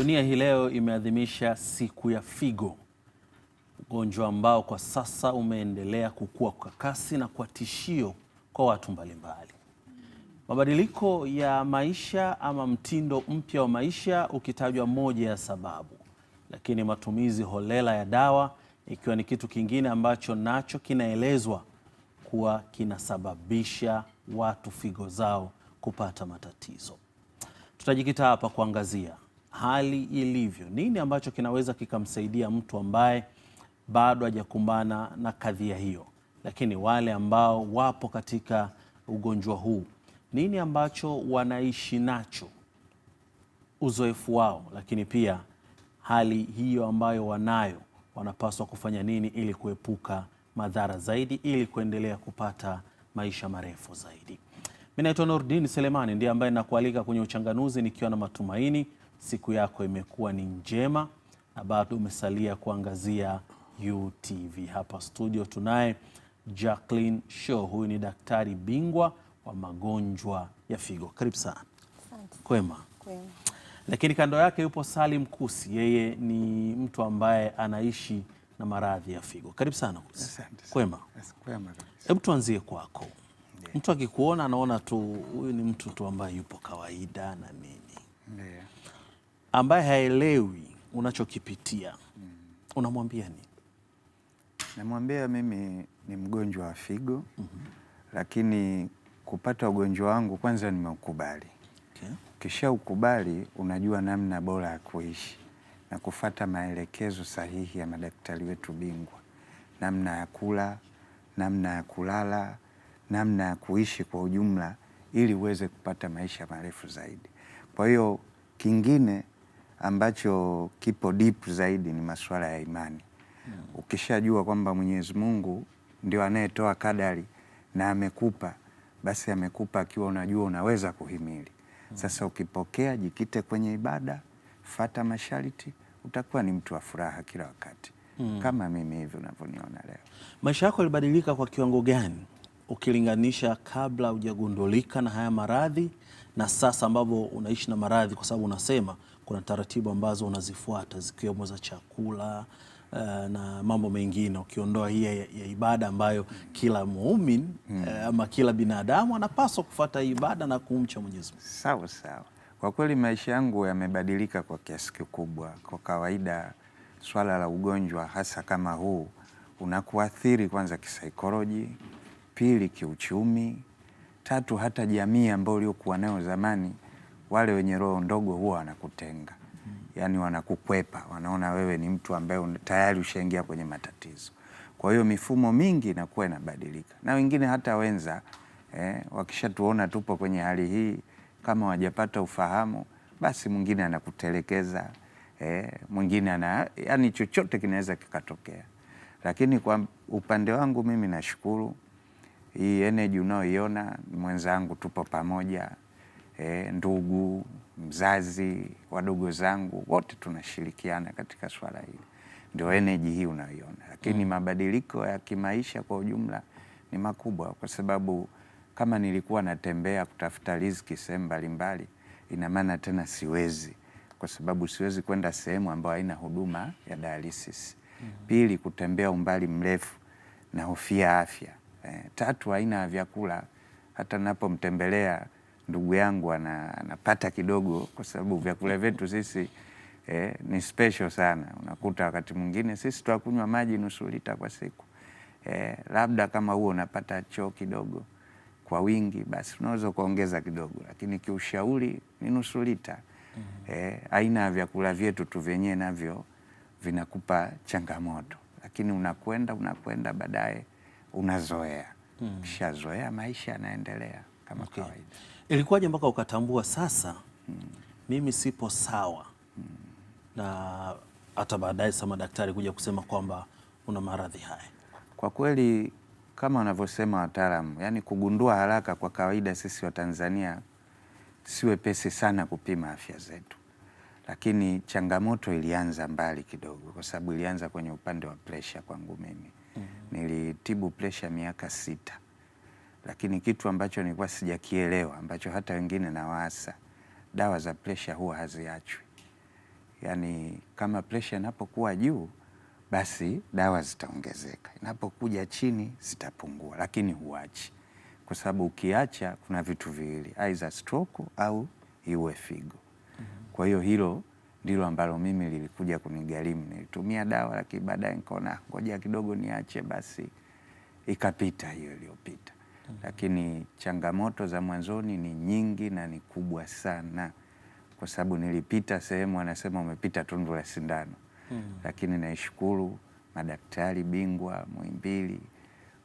Dunia hii leo imeadhimisha siku ya figo, ugonjwa ambao kwa sasa umeendelea kukua kwa kasi na kwa tishio kwa watu mbalimbali. Mabadiliko ya maisha ama mtindo mpya wa maisha ukitajwa moja ya sababu, lakini matumizi holela ya dawa ikiwa ni kitu kingine ambacho nacho kinaelezwa kuwa kinasababisha watu figo zao kupata matatizo. Tutajikita hapa kuangazia hali ilivyo, nini ambacho kinaweza kikamsaidia mtu ambaye bado hajakumbana na kadhia hiyo, lakini wale ambao wapo katika ugonjwa huu, nini ambacho wanaishi nacho, uzoefu wao, lakini pia hali hiyo ambayo wanayo, wanapaswa kufanya nini ili kuepuka madhara zaidi, ili kuendelea kupata maisha marefu zaidi. Mi naitwa Nurdin Selemani, ndiye ambaye nakualika kwenye Uchanganuzi nikiwa na matumaini siku yako imekuwa ni njema na bado umesalia kuangazia UTV. Hapa studio tunaye Jacqueline Shaw, huyu ni daktari bingwa wa magonjwa ya figo. Karibu sana. Kwema. Kwema. Lakini kando yake yupo Salim Kusi, yeye ni mtu ambaye anaishi na maradhi ya figo. Karibu sana Kusi. Kwema. Hebu tuanzie kwako. Mtu akikuona anaona tu huyu ni mtu tu ambaye yupo kawaida na ni ambaye haelewi unachokipitia mm. unamwambia nini? Namwambia mimi ni mgonjwa wa figo mm -hmm. lakini kupata ugonjwa wangu kwanza nimeukubali. Okay. Kisha ukubali, unajua namna bora ya kuishi na kufata maelekezo sahihi ya madaktari wetu bingwa, namna ya kula, namna ya kulala, namna ya kuishi kwa ujumla, ili uweze kupata maisha marefu zaidi. Kwa hiyo kingine ambacho kipo deep zaidi ni masuala ya imani. Hmm. Ukishajua kwamba Mwenyezi Mungu ndio anayetoa kadari na amekupa, basi amekupa akiwa unajua unaweza kuhimili. Hmm. Sasa ukipokea, jikite kwenye ibada, fata masharti, utakuwa ni mtu wa furaha kila wakati. Hmm. Kama mimi hivi unavyoniona leo. Maisha yako yalibadilika kwa kiwango gani ukilinganisha kabla hujagundulika na haya maradhi na sasa ambavyo unaishi na maradhi? Kwa sababu unasema kuna taratibu ambazo unazifuata zikiwemo za chakula uh, na mambo mengine, ukiondoa hii ya, ya ibada ambayo kila muumini hmm. uh, ama kila binadamu anapaswa kufuata ibada na kumcha Mwenyezi Mungu. Sawa sawa. Kwa kweli maisha yangu yamebadilika kwa kiasi kikubwa. Kwa kawaida swala la ugonjwa hasa kama huu unakuathiri kwanza kisaikoloji, pili kiuchumi, tatu hata jamii ambayo uliokuwa nayo zamani wale wenye roho ndogo huwa wanakutenga, yani wanakukwepa, wanaona wewe ni mtu ambaye tayari ushaingia kwenye matatizo. Kwa hiyo mifumo mingi inakuwa inabadilika, na wengine hata wenza eh, wakishatuona tupo kwenye hali hii, kama wajapata ufahamu, basi mwingine anakutelekeza eh, mwingine ana, yani chochote kinaweza kikatokea. Lakini kwa upande wangu mimi nashukuru hii eneji unaoiona mwenzangu, tupo pamoja e, ndugu, mzazi, wadogo zangu wote tunashirikiana katika swala hili, ndio eneji hii unayoiona. Lakini mm. mabadiliko ya kimaisha kwa ujumla ni makubwa, kwa sababu kama nilikuwa natembea kutafuta riziki sehemu mbalimbali, ina maana tena siwezi, kwa sababu siwezi kwenda sehemu ambayo haina huduma ya dialysis. mm. Pili, kutembea umbali mrefu na hofia afya. E, tatu, aina ya vyakula hata napomtembelea ndugu yangu anapata kidogo, kwa sababu vyakula vyetu sisi eh, ni special sana. Unakuta wakati mwingine sisi tunakunywa maji nusu lita kwa siku eh, labda kama huo unapata choo kidogo kwa wingi, basi unaweza ukaongeza kidogo, lakini kiushauri ni nusu lita. mm -hmm. Eh, aina ya vyakula vyetu tu vyenyewe navyo vinakupa changamoto, lakini unakwenda unakwenda, baadaye unazoea. mm -hmm. Ukishazoea maisha yanaendelea kama okay. kawaida. Ilikuwaje mpaka ukatambua sasa mimi sipo sawa na hata baadaye sama daktari kuja kusema kwamba una maradhi haya? Kwa kweli kama wanavyosema wataalamu, yani kugundua haraka kwa kawaida sisi Watanzania si wepesi sana kupima afya zetu, lakini changamoto ilianza mbali kidogo, kwa sababu ilianza kwenye upande wa presha kwangu mimi. mm -hmm. Nilitibu presha miaka sita lakini kitu ambacho nilikuwa sijakielewa ambacho hata wengine nawaasa, dawa za presha huwa haziachwi. Yani kama presha inapokuwa juu, basi dawa zitaongezeka, inapokuja chini zitapungua, lakini huachi, kwa sababu ukiacha kuna vitu viwili, aidha stroke au iwe figo. mm -hmm. Kwa hiyo hilo ndilo ambalo mimi lilikuja kunigharimu. Nilitumia dawa lakini baadaye nikaona ah, ngoja kidogo niache, basi ikapita hiyo iliyopita lakini changamoto za mwanzoni ni nyingi na ni kubwa sana, kwa sababu nilipita sehemu wanasema umepita tundu la sindano mm. Lakini naishukuru madaktari bingwa Muhimbili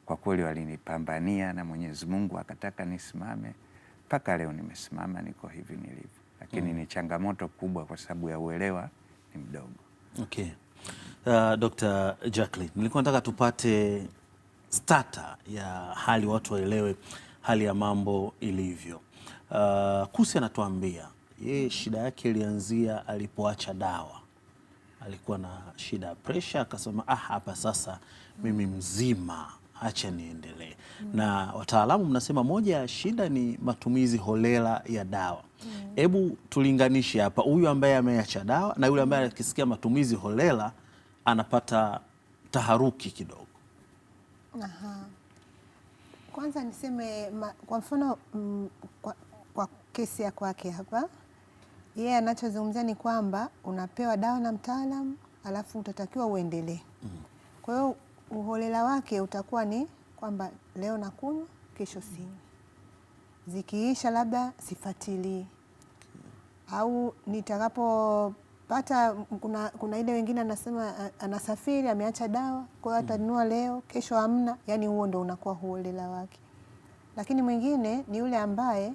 kwa kweli walinipambania na Mwenyezi Mungu akataka nisimame mpaka leo nimesimama, niko hivi nilivyo, lakini mm. ni changamoto kubwa kwa sababu ya uelewa ni mdogo. Okay. Uh, Dr. Jacqueline, nilikuwa nataka tupate stata ya hali, watu waelewe hali ya mambo ilivyo. Uh, Kusi anatuambia yeye shida yake ilianzia alipoacha dawa, alikuwa na shida ya presha, akasema ah, hapa sasa mimi mzima acha niendelee. mm. na wataalamu mnasema moja ya shida ni matumizi holela ya dawa. Mm. Hebu mm. tulinganishe hapa, huyu ambaye ameacha dawa na yule ambaye akisikia matumizi holela anapata taharuki kidogo. Aha. Kwanza niseme ma, kwa mfano m, mm, kwa, kwa kesi ya kwake hapa yeye yeah, anachozungumzia ni kwamba unapewa dawa na mtaalamu alafu utatakiwa uendelee. mm Kwa hiyo uholela wake utakuwa ni kwamba leo nakunywa, kesho sinywi, mm-hmm. zikiisha labda sifatilii mm-hmm. au nitakapo pata kuna, kuna ile wengine anasema anasafiri ameacha dawa, kwa hiyo mm. atanunua leo kesho hamna. Yani huo ndo unakuwa huolela wake. Lakini mwingine ni yule ambaye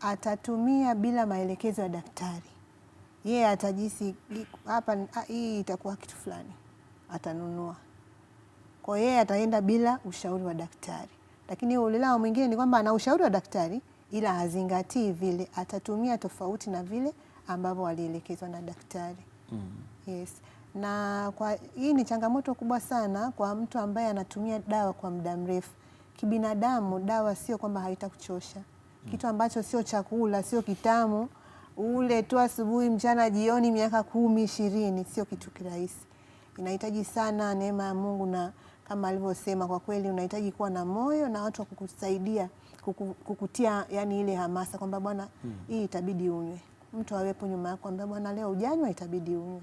atatumia bila maelekezo ya daktari, yeye atajisi hapa hii itakuwa kitu fulani, atanunua kwa yeye, ataenda bila ushauri wa daktari. Lakini uholela wa mwingine ni kwamba ana ushauri wa daktari, ila hazingatii vile, atatumia tofauti na vile ambavyo walielekezwa na daktari. Mm. Yes. Na kwa hii ni changamoto kubwa sana kwa mtu ambaye anatumia dawa kwa muda mrefu. Kibinadamu dawa sio kwamba haitakuchosha. Mm. Kitu ambacho sio chakula, sio kitamu, ule tu asubuhi, mchana, jioni miaka kumi, ishirini sio kitu kirahisi. Inahitaji sana neema ya Mungu na kama alivyosema kwa kweli unahitaji kuwa na moyo na watu wa kukusaidia kukutia, yani ile hamasa kwamba bwana, hmm, hii itabidi unywe mtu awepo nyuma yako ambaye bwana, leo ujanywa, itabidi unywe,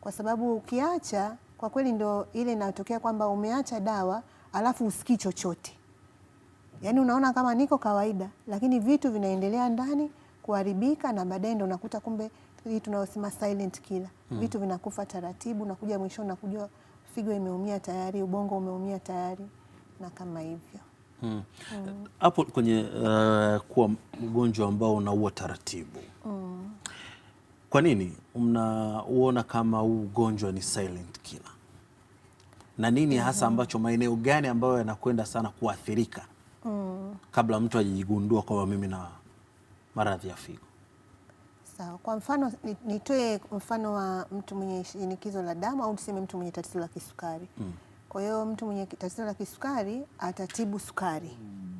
kwa sababu ukiacha, kwa kweli ndo ile inatokea kwamba umeacha dawa alafu usikii chochote, yaani unaona kama niko kawaida, lakini vitu vinaendelea ndani kuharibika, na baadaye ndo unakuta kumbe hii tunayosema silent killer hmm. Vitu vinakufa taratibu, nakuja mwisho nakuja figo imeumia tayari, ubongo umeumia tayari, na kama hivyo hapo hmm. hmm. kwenye uh, kuwa mgonjwa ambao unaua taratibu hmm. Kwa nini mnauona kama huu ugonjwa ni silent killer, na nini hasa mhm. ambacho, maeneo gani ambayo yanakwenda sana kuathirika mm. kabla mtu ajijigundua kwamba mimi na maradhi ya figo? Sawa, kwa mfano nitoe mfano wa mtu mwenye shinikizo la damu au tuseme mtu mwenye tatizo la kisukari mm. Kwa hiyo mtu mwenye tatizo la kisukari atatibu sukari mm.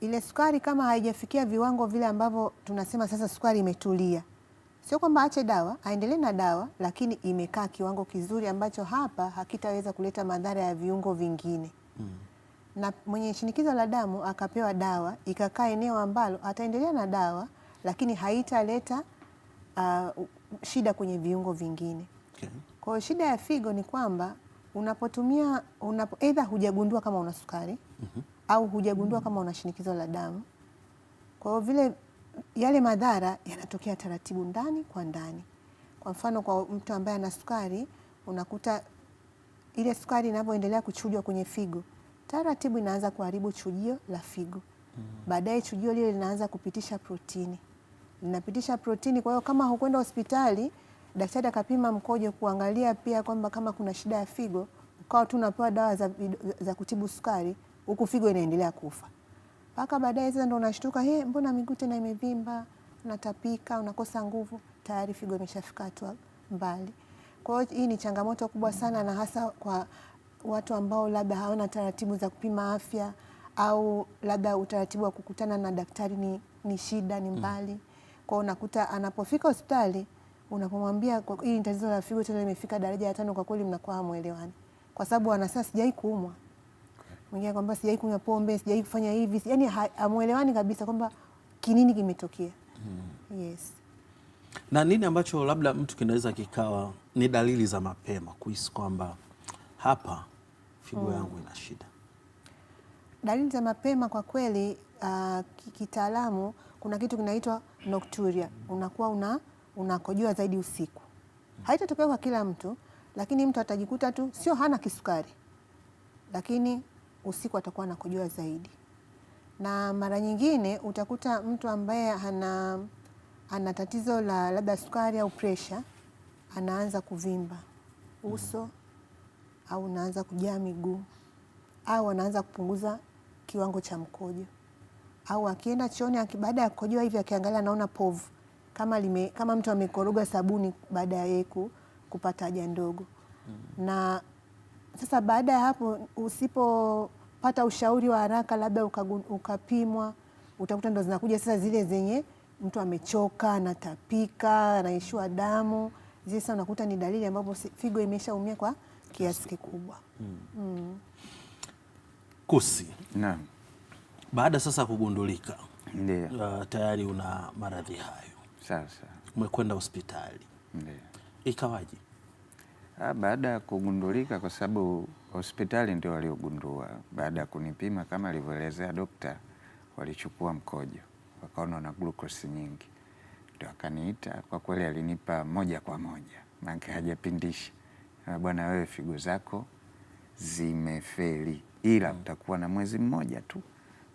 Ile sukari kama haijafikia viwango vile ambavyo tunasema sasa sukari imetulia Sio kwamba aache dawa, aendelee na dawa, lakini imekaa kiwango kizuri ambacho hapa hakitaweza kuleta madhara ya viungo vingine mm. Na mwenye shinikizo la damu akapewa dawa ikakaa eneo ambalo ataendelea na dawa, lakini haitaleta uh, shida kwenye viungo vingine okay. Kwa hiyo shida ya figo ni kwamba unapotumia unapo, aidha hujagundua kama una sukari mm -hmm. au hujagundua mm -hmm. kama una shinikizo la damu kwa hiyo vile yale madhara yanatokea taratibu ndani kwa ndani. Kwa mfano, kwa mtu ambaye ana sukari, unakuta ile sukari inavyoendelea kuchujwa kwenye figo, taratibu inaanza kuharibu chujio la figo. Mm. Baadaye chujio lile linaanza kupitisha protini, linapitisha protini. Kwa hiyo kama hukwenda hospitali daktari akapima mkojo kuangalia pia kwamba kama kuna shida ya figo, ukawa tu unapewa dawa za, za kutibu sukari, huku figo inaendelea kufa mpaka baadaye sasa ndo unashtuka, he, mbona miguu tena imevimba, unatapika, unakosa nguvu, tayari figo imeshafika hatua mbali. Kwa hiyo hii ni changamoto kubwa sana, na hasa kwa watu ambao labda hawana taratibu za kupima afya au labda utaratibu wa kukutana na daktari ni, ni shida, ni mm. mbali. kwao. unakuta anapofika hospitali unapomwambia hii tatizo la figo tena imefika daraja ya tano, kwa kweli mnakuwa hamwelewani, kwa sababu anasema sijai kuumwa mwingine kwamba sijai kunywa pombe, sijai kufanya hivi, yani hamuelewani kabisa kwamba kinini kimetokea. Hmm. Yes. Na nini ambacho labda mtu kinaweza kikawa ni dalili za mapema kuhisi kwamba hapa figo hmm, yangu ina shida? Dalili za mapema kwa kweli, uh, kitaalamu kuna kitu kinaitwa nocturia, unakuwa una unakojua zaidi usiku. Hmm. Haitatokea kwa kila mtu, lakini mtu atajikuta tu sio hana kisukari, lakini usiku atakuwa anakujua zaidi. Na mara nyingine utakuta mtu ambaye ana, ana tatizo la labda sukari au presha anaanza kuvimba uso au anaanza kujaa miguu au anaanza kupunguza kiwango cha mkojo au akienda chooni baada ya kukojoa hivi akiangalia anaona povu kama, lime, kama mtu amekoroga sabuni baada ya yeye kupata haja ndogo. Mm. Na sasa baada ya hapo usipopata ushauri wa haraka, labda ukapimwa, utakuta ndo zinakuja sasa zile zenye mtu amechoka, anatapika, anaishua damu. Zile sasa unakuta ni dalili ambapo figo imeshaumia kwa kiasi kikubwa. hmm. hmm. Kusi, naam, baada sasa kugundulika uh, tayari una maradhi hayo, sasa umekwenda hospitali, ikawaje? Ah, baada ya kugundulika, kwa sababu hospitali ndio waliogundua. Baada ya kunipima kama alivyoelezea dokta, walichukua mkojo wakaona na glukosi nyingi, ndio akaniita. Kwa kweli alinipa moja kwa moja, maanake hajapindisha. Ah, Bwana wewe, figo zako zimefeli, ila mm. utakuwa na mwezi mmoja tu,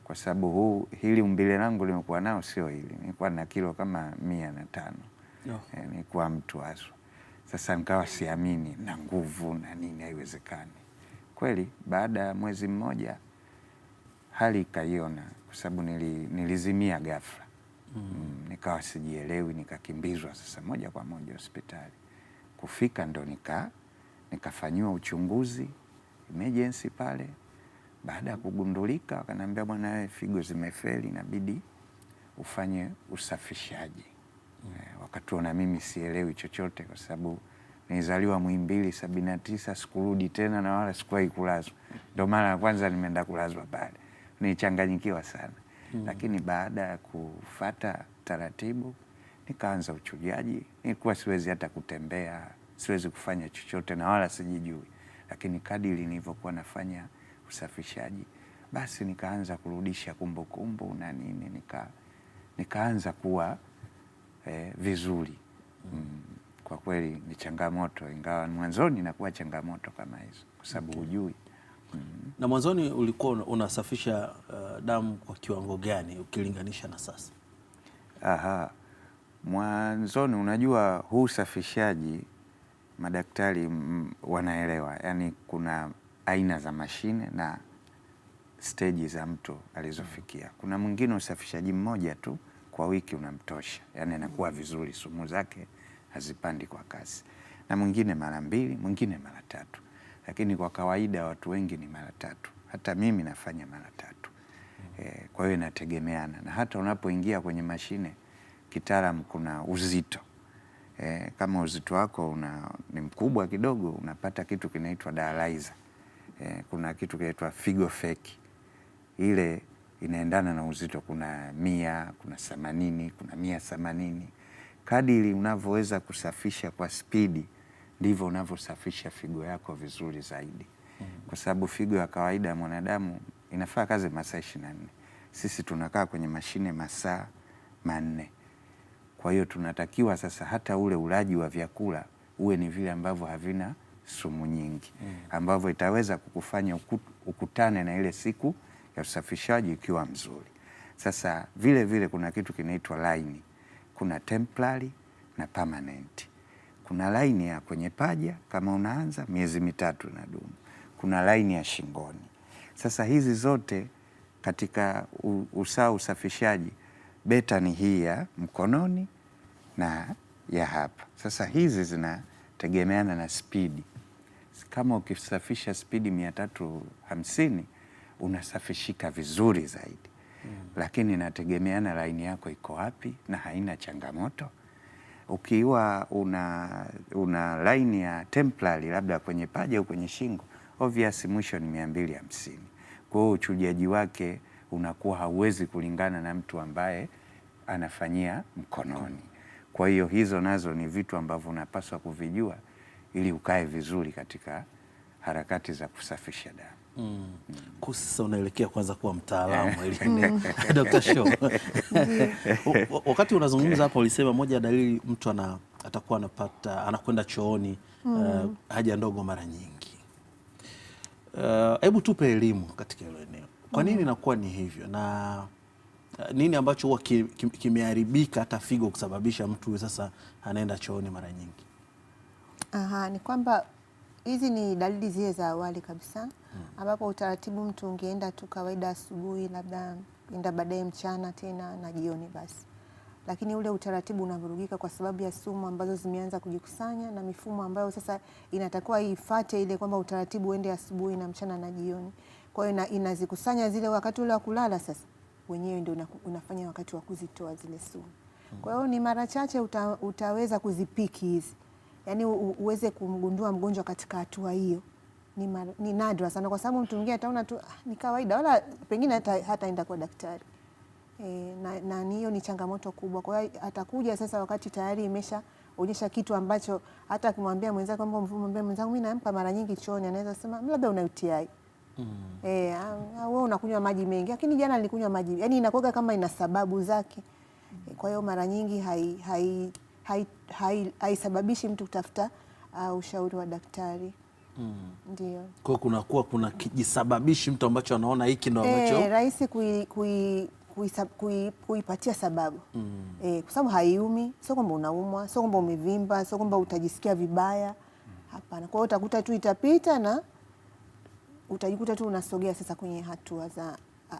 kwa sababu huu hili umbile langu limekuwa nao sio hili, nilikuwa na kilo kama mia na tano, oh. eh, nilikuwa mtu haswa sasa nikawa siamini na nguvu na nini, haiwezekani kweli. Baada ya mwezi mmoja hali ikaiona, kwa sababu nili, nilizimia ghafla mm. Mm, nikawa sijielewi, nikakimbizwa sasa moja kwa moja hospitali. Kufika ndo nika nikafanyiwa uchunguzi emergency pale. Baada ya kugundulika, wakaniambia bwana, wewe figo zimefeli, inabidi ufanye usafishaji mm. Eh, wakati na mimi sielewi chochote, kwa sababu nilizaliwa Muhimbili sabini na tisa, sikurudi tena na wala sikuwahi kulazwa. Ndio mara ya kwanza nimeenda kulazwa pale, nilichanganyikiwa sana hmm. Lakini baada ya kufata taratibu nikaanza uchujaji. Nilikuwa siwezi hata kutembea, siwezi kufanya chochote na wala sijijui, lakini kadiri nilivyokuwa nafanya usafishaji, basi nikaanza kurudisha kumbukumbu na nini, nika nikaanza kuwa eh, vizuri mm. Kwa kweli ni changamoto, ingawa mwanzoni inakuwa changamoto kama hizo kwa sababu okay. hujui mm. Na mwanzoni ulikuwa unasafisha uh, damu kwa kiwango gani ukilinganisha na sasa? Aha. Mwanzoni unajua, huu usafishaji madaktari mm, wanaelewa, yaani kuna aina za mashine na steji za mtu alizofikia. Kuna mwingine usafishaji mmoja tu kwa wiki unamtosha, yani anakuwa vizuri, sumu zake hazipandi kwa kasi, na mwingine mara mbili, mwingine mara tatu, lakini kwa kawaida watu wengi ni mara tatu. Hata mimi nafanya mara tatu. E, kwa hiyo inategemeana na hata unapoingia kwenye mashine kitaalam kuna uzito e, kama uzito wako una, ni mkubwa kidogo unapata kitu kinaitwa dialyzer. E, kuna kitu kinaitwa figo feki ile inaendana na uzito. Kuna mia, kuna themanini, kuna mia themanini. Kadiri unavyoweza kusafisha kwa spidi, ndivyo unavyosafisha figo yako vizuri zaidi, mm-hmm. kwa sababu figo ya kawaida ya mwanadamu inafaa kazi masaa ishirini na nne. Sisi tunakaa kwenye mashine masaa manne. Kwa hiyo tunatakiwa sasa hata ule ulaji wa vyakula uwe ni vile ambavyo havina sumu nyingi, mm. ambavyo itaweza kukufanya ukutane na ile siku ya usafishaji ikiwa mzuri. Sasa vile vile kuna kitu kinaitwa laini kuna temporary na permanent. Kuna laini ya kwenye paja kama unaanza miezi mitatu na dumu, kuna laini ya shingoni. Sasa hizi zote katika usaa usafishaji beta ni hii ya mkononi na ya hapa. Sasa hizi zinategemeana na spidi. Kama ukisafisha spidi mia tatu hamsini unasafishika vizuri zaidi mm. Lakini inategemeana laini yako iko wapi na haina changamoto. Ukiwa una, una laini ya temporary labda kwenye paja au kwenye shingo, obvious mwisho ni mia mbili hamsini. Kwa hiyo uchujaji wake unakuwa hauwezi kulingana na mtu ambaye anafanyia mkononi. Kwa hiyo hizo nazo ni vitu ambavyo unapaswa kuvijua ili ukae vizuri katika harakati za kusafisha damu. Mm. Sasa unaelekea kwanza kuwa mtaalamu eh. mm. Dr. Show, wakati unazungumza hapo ulisema moja ya dalili mtu ana, atakuwa anapata anakwenda chooni mm. uh, haja ndogo mara nyingi. Eh, hebu uh, tupe elimu katika hilo eneo, kwa nini mm. inakuwa mm. ni hivyo na nini ambacho huwa kimeharibika hata figo kusababisha mtu sasa anaenda chooni mara nyingi? Aha, ni kwamba hizi ni dalili zile za awali kabisa hmm, ambapo utaratibu mtu ungeenda tu kawaida asubuhi, labda enda baadaye mchana tena na jioni basi, lakini ule utaratibu unavurugika kwa sababu ya sumu ambazo zimeanza kujikusanya na mifumo ambayo sasa inatakiwa ifate ile kwamba utaratibu uende asubuhi na mchana na jioni. Kwa hiyo inazikusanya zile, wakati ule wa kulala sasa wenyewe ndio unafanya wakati wa kuzitoa zile sumu. Hmm. Kwa hiyo ni mara chache uta, utaweza kuzipiki hizi yani uweze kumgundua mgonjwa katika hatua hiyo ni, ni nadra sana, kwa sababu mtu mwingine ataona tu ah, ni kawaida, wala pengine hata hataenda kwa daktari e, na hiyo ni changamoto kubwa. Kwa hiyo atakuja sasa wakati tayari imesha onyesha kitu ambacho hata akimwambia mwenzake kwamba mwambie mwenzangu, mimi nampa mara nyingi chooni, anaweza sema labda una UTI mm. E, wewe unakunywa maji mengi, lakini jana nilikunywa maji, yani inakuwa kama ina sababu zake. Hmm. E, kwa hiyo mara nyingi hai, hai haisababishi hai, hai mtu kutafuta uh, ushauri wa daktari mm. Ndio kwa kunakuwa kuna kijisababishi mtu ambacho anaona hiki ndo eh, ambacho e, rahisi kuipatia kui, kui, kui, sababu mm. E, kwa sababu haiumi, sio kwamba unaumwa, sio kwamba umevimba, sio kwamba utajisikia vibaya Hapana, kwa hiyo utakuta tu itapita na utajikuta tu unasogea sasa kwenye hatua za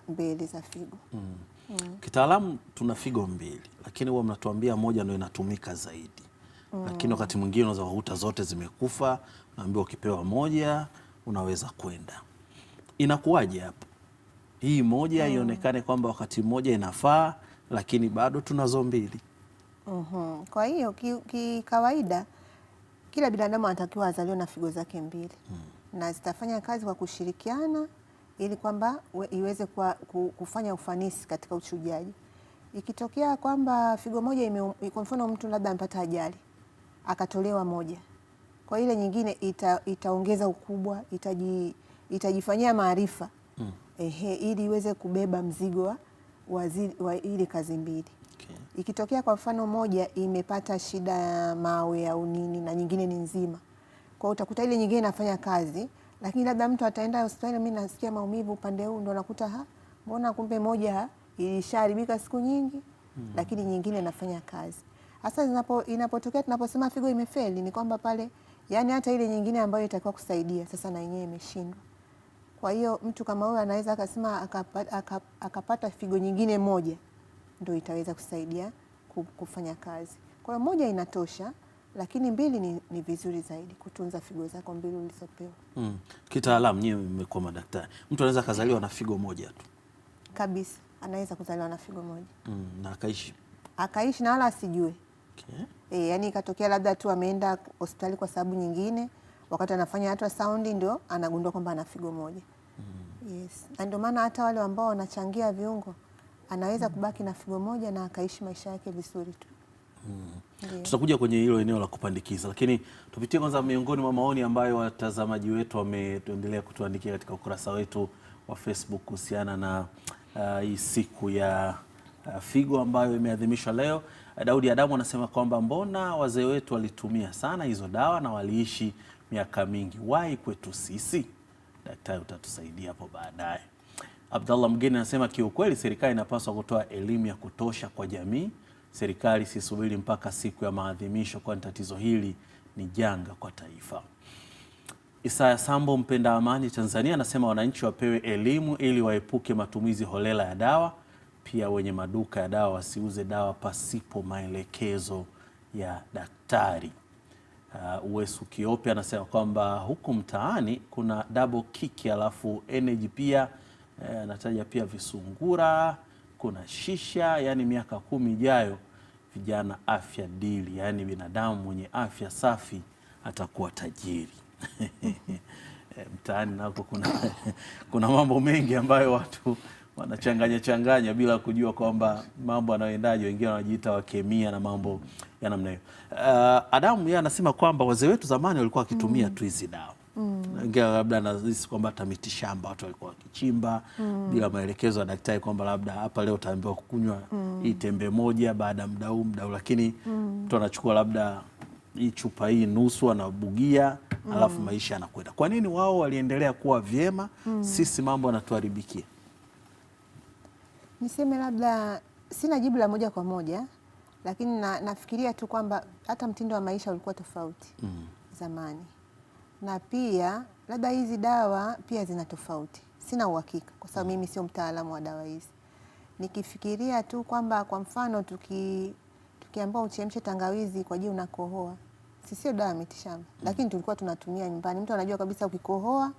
mbele za figo mm mm. Kitaalamu tuna figo mbili, lakini huwa mnatuambia moja ndio inatumika zaidi mm. Lakini wakati mwingine unaweza kukuta zote zimekufa, unaambiwa ukipewa moja unaweza kwenda. Inakuwaje hapo hii moja mm. ionekane kwamba wakati mmoja inafaa, lakini bado tunazo mbili? mm -hmm. Kwa hiyo kikawaida ki kila binadamu anatakiwa azaliwe na figo zake mbili mm. na zitafanya kazi kwa kushirikiana ili kwamba iweze kwa, kufanya ufanisi katika uchujaji. Ikitokea kwamba figo moja, kwa mfano mtu labda amepata ajali akatolewa moja, kwa ile nyingine ita, itaongeza ukubwa, itaji, itajifanyia maarifa mm. ehe, ili iweze kubeba mzigo wa, wa ili kazi mbili okay. Ikitokea kwa mfano moja imepata shida ya mawe au nini na nyingine ni nzima, kwa utakuta ile nyingine inafanya kazi lakini labda mtu ataenda hospitali, mimi nasikia maumivu upande huu, ndo nakuta ha, mbona kumbe moja ilishaharibika siku nyingi mm. lakini nyingine inafanya kazi hasa inapo, inapotokea tunaposema figo imefeli ni kwamba pale, yani hata ile nyingine ambayo itakiwa kusaidia sasa na yenyewe imeshindwa. Kwa hiyo mtu kama huyo anaweza akasema akapata, figo nyingine moja ndo itaweza kusaidia kufanya kazi. Kwa hiyo moja inatosha lakini mbili ni, ni vizuri zaidi kutunza figo zako mbili ulizopewa. Mm. Kitaalamu nyewe mmekuwa madaktari, mtu anaweza akazaliwa na figo moja tu kabisa, anaweza kuzaliwa na figo moja mm, na akaishi akaishi na wala asijue. Okay. E, yani ikatokea labda tu ameenda hospitali kwa sababu nyingine, wakati anafanya hata ultrasound ndio anagundua kwamba ana figo moja. Mm. Yes. Na ndio maana hata wale ambao wanachangia viungo anaweza mm, kubaki na figo moja na akaishi maisha yake vizuri tu. Tutakuja kwenye hilo eneo la kupandikiza, lakini tupitie kwanza miongoni mwa maoni ambayo watazamaji wetu wameendelea kutuandikia katika ukurasa wetu wa Facebook kuhusiana na uh, hii siku ya uh, figo ambayo imeadhimishwa leo. Daudi Adamu anasema kwamba mbona wazee wetu walitumia sana hizo dawa na waliishi miaka mingi, wai kwetu sisi? Daktari utatusaidia hapo baadaye. Abdallah Mgeni anasema kiukweli, serikali inapaswa kutoa elimu ya kutosha kwa jamii serikali sisubiri mpaka siku ya maadhimisho, kwani tatizo hili ni janga kwa taifa. Isaya Sambo, mpenda amani Tanzania, anasema wananchi wapewe elimu ili waepuke matumizi holela ya dawa. Pia wenye maduka ya dawa wasiuze dawa pasipo maelekezo ya daktari. Uh, Uwesu Kiopi anasema kwamba huku mtaani kuna double kick, alafu energy pia eh, anataja, eh, pia visungura, kuna shisha. Yaani miaka kumi ijayo vijana afya dili, yaani binadamu mwenye afya safi atakuwa tajiri. Eh, mtaani nako kuna, kuna mambo mengi ambayo watu wanachanganya changanya bila kujua kwamba mambo anayoendaji Wengine wanajiita wakemia na mambo ya namna hiyo. Uh, Adamu yeye anasema kwamba wazee wetu zamani walikuwa wakitumia mm. tu hizi dawa Mm. Ngea labda nahisi kwamba miti shamba watu walikuwa wakichimba mm. bila maelekezo ya daktari kwamba labda hapa leo utaambiwa kukunywa mm. hii tembe moja baada ya muda huu muda huu, lakini mm. mtu mm. anachukua labda hii chupa hii nusu anabugia mm. alafu maisha yanakwenda. Kwa nini wao waliendelea kuwa vyema mm. sisi mambo yanatuharibikia? Niseme labda sina jibu la moja kwa moja, lakini na, nafikiria tu kwamba hata mtindo wa maisha ulikuwa tofauti mm. zamani na pia labda hizi dawa pia zina tofauti, sina uhakika kwa sababu mimi sio mtaalamu wa dawa hizi. Nikifikiria tu kwamba kwa mfano tuki tukiambiwa uchemshe tangawizi kwa ajili unakohoa, si sio dawa mitishamba, mm. lakini tulikuwa tunatumia nyumbani. Mtu anajua kabisa ukikohoa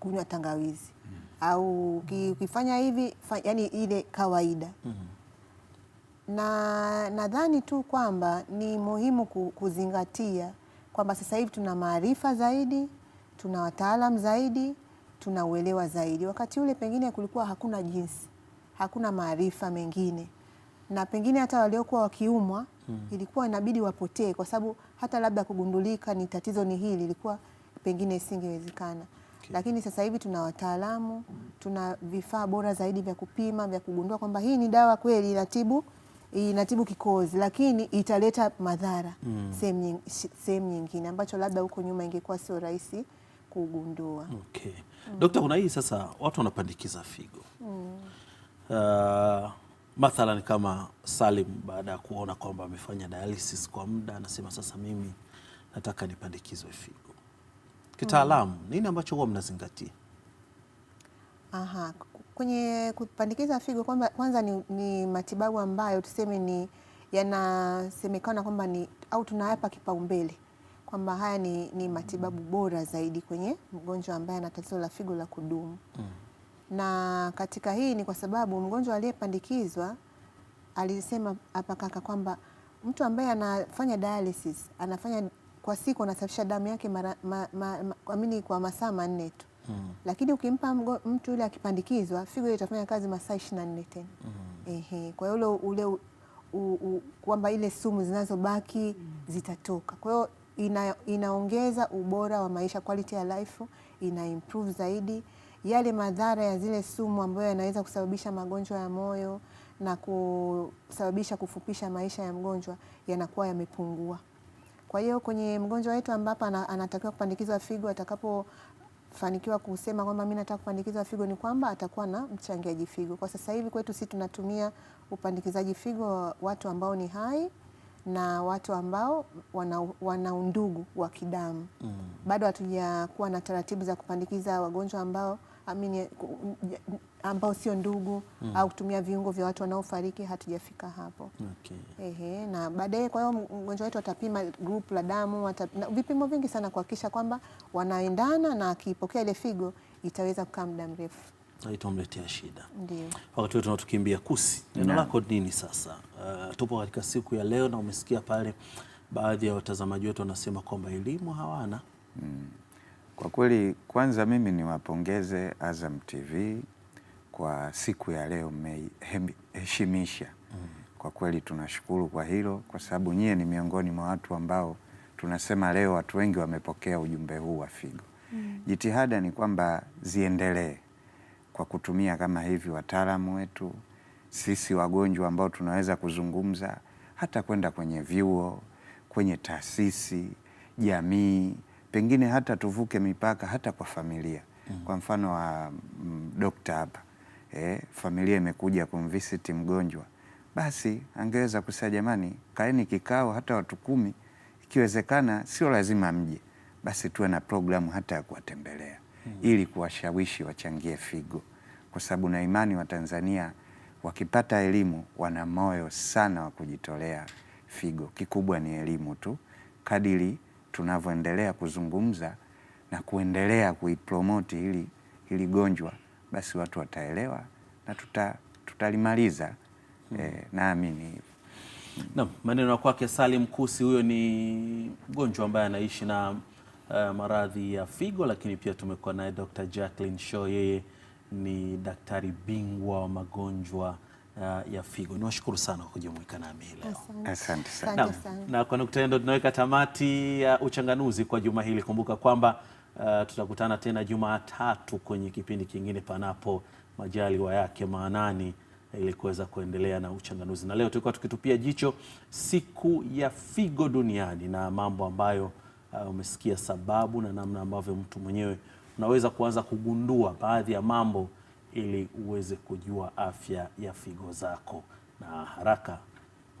kunywa tangawizi mm-hmm. au ukifanya hivi fa, yani ile kawaida mm-hmm. na nadhani tu kwamba ni muhimu kuzingatia kwamba sasa hivi tuna maarifa zaidi, tuna wataalam zaidi, tuna uelewa zaidi. Wakati ule pengine kulikuwa hakuna jinsi, hakuna maarifa mengine, na pengine hata waliokuwa wakiumwa hmm. ilikuwa inabidi wapotee, kwa sababu hata labda kugundulika ni tatizo ni hili, ilikuwa pengine isingewezekana. Okay. Lakini sasa hivi tuna wataalamu, tuna vifaa bora zaidi vya kupima, vya kugundua kwamba hii ni dawa kweli inatibu inatibu kikozi lakini italeta madhara mm. sehemu nyingine ambacho labda huko nyuma ingekuwa sio rahisi kugundua. Okay. Mm. Dokta, kuna hii sasa watu wanapandikiza figo mm. uh, ah, mathalan kama Salim baada ya kuona kwamba amefanya dialysis kwa muda anasema sasa mimi nataka nipandikizwe figo. Kitaalamu mm. nini ambacho huwa mnazingatia? Aha. Kwenye kupandikiza figo kwamba kwanza ni, ni matibabu ambayo tuseme ni yanasemekana kwamba ni au tunayapa kipaumbele kwamba haya ni, ni matibabu bora zaidi kwenye mgonjwa ambaye ana tatizo la figo la kudumu mm. Na katika hii ni kwa sababu mgonjwa aliyepandikizwa alisema hapa kaka kwamba mtu ambaye anafanya dialysis anafanya kwa siku anasafisha damu yake mara, ma, ma, ma, kwa masaa manne tu mm. Lakini ukimpa mtu yule akipandikizwa, figo ile itafanya kazi masaa 24 tena mm. Ehe, kwa hiyo ule kwamba ile sumu zinazobaki mm. zitatoka. Kwa hiyo ina, inaongeza ubora wa maisha, quality ya life ina improve zaidi yale madhara ya zile sumu ambayo yanaweza kusababisha magonjwa ya moyo na kusababisha kufupisha maisha ya mgonjwa yanakuwa yamepungua. Kwa hiyo kwenye mgonjwa wetu ambapo anatakiwa kupandikizwa figo atakapo fanikiwa kusema kwamba mimi nataka kupandikizwa figo ni kwamba atakuwa na mchangiaji figo. Kwa sasa hivi kwetu sisi tunatumia upandikizaji figo watu ambao ni hai na watu ambao wana, wana undugu wa kidamu mm. Bado hatujakuwa na taratibu za kupandikiza wagonjwa ambao amini, ambao sio ndugu mm. au kutumia viungo vya watu wanaofariki, hatujafika hapo okay. Ehe, na baadaye, kwa hiyo mgonjwa wetu atapima group la damu, vipimo vingi sana kuhakikisha kwamba wanaendana, na akipokea ile figo itaweza kukaa muda mrefu itamletea shida. Ndio wakati wetu tunatukimbia Kusi, neno lako nini sasa? Uh, tupo katika siku ya leo na umesikia pale baadhi ya watazamaji wetu wanasema kwamba elimu hawana mm. Kwa kweli kwanza mimi niwapongeze Azam TV kwa siku ya leo mmeheshimisha. Mm. Kwa kweli tunashukuru kwa hilo kwa sababu nyie ni miongoni mwa watu ambao tunasema leo watu wengi wamepokea ujumbe huu wa figo. Mm. Jitihada ni kwamba ziendelee kwa kutumia kama hivi wataalamu wetu, sisi wagonjwa ambao tunaweza kuzungumza, hata kwenda kwenye vyuo, kwenye taasisi, jamii pengine hata tuvuke mipaka hata kwa familia mm. Kwa mfano wa mm, dokta hapa eh, familia imekuja kumvisiti mgonjwa, basi angeweza kusema jamani, kaeni kikao hata watu kumi, ikiwezekana sio lazima mje, basi tuwe na programu hata ya kuwatembelea mm. ili kuwashawishi wachangie figo, kwa sababu na imani Watanzania wakipata elimu wana moyo sana wa kujitolea figo. Kikubwa ni elimu tu kadiri tunavyoendelea kuzungumza na kuendelea kuipromoti hili, hili gonjwa basi watu wataelewa na tuta, tutalimaliza mm. E, naamini hivyo nam maneno kwake Salim Kusi. Huyo ni mgonjwa ambaye anaishi na uh, maradhi ya figo, lakini pia tumekuwa naye Dr. Jacqueline Shaw, yeye ni daktari bingwa wa magonjwa ya figo. Niwashukuru sana kwa kujumuika nami leo. Asante sana. Na kwa nukta hiyo tunaweka tamati ya uh, uchanganuzi kwa juma hili. Kumbuka kwamba uh, tutakutana tena Jumatatu kwenye kipindi kingine panapo majaliwa yake maanani eh, ili kuweza kuendelea na uchanganuzi. Na leo tulikuwa tukitupia jicho siku ya figo duniani na mambo ambayo uh, umesikia sababu na namna ambavyo mtu mwenyewe unaweza kuanza kugundua baadhi ya mambo ili uweze kujua afya ya figo zako, na haraka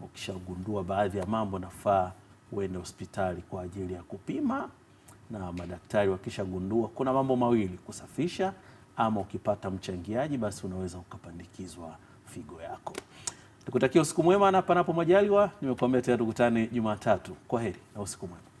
ukishagundua baadhi ya mambo, nafaa uende hospitali kwa ajili ya kupima, na madaktari wakishagundua, kuna mambo mawili, kusafisha ama ukipata mchangiaji, basi unaweza ukapandikizwa figo yako. Nikutakia usiku mwema na panapo majaliwa, nimekuambia tena tukutane Jumatatu. Kwa heri na usiku mwema.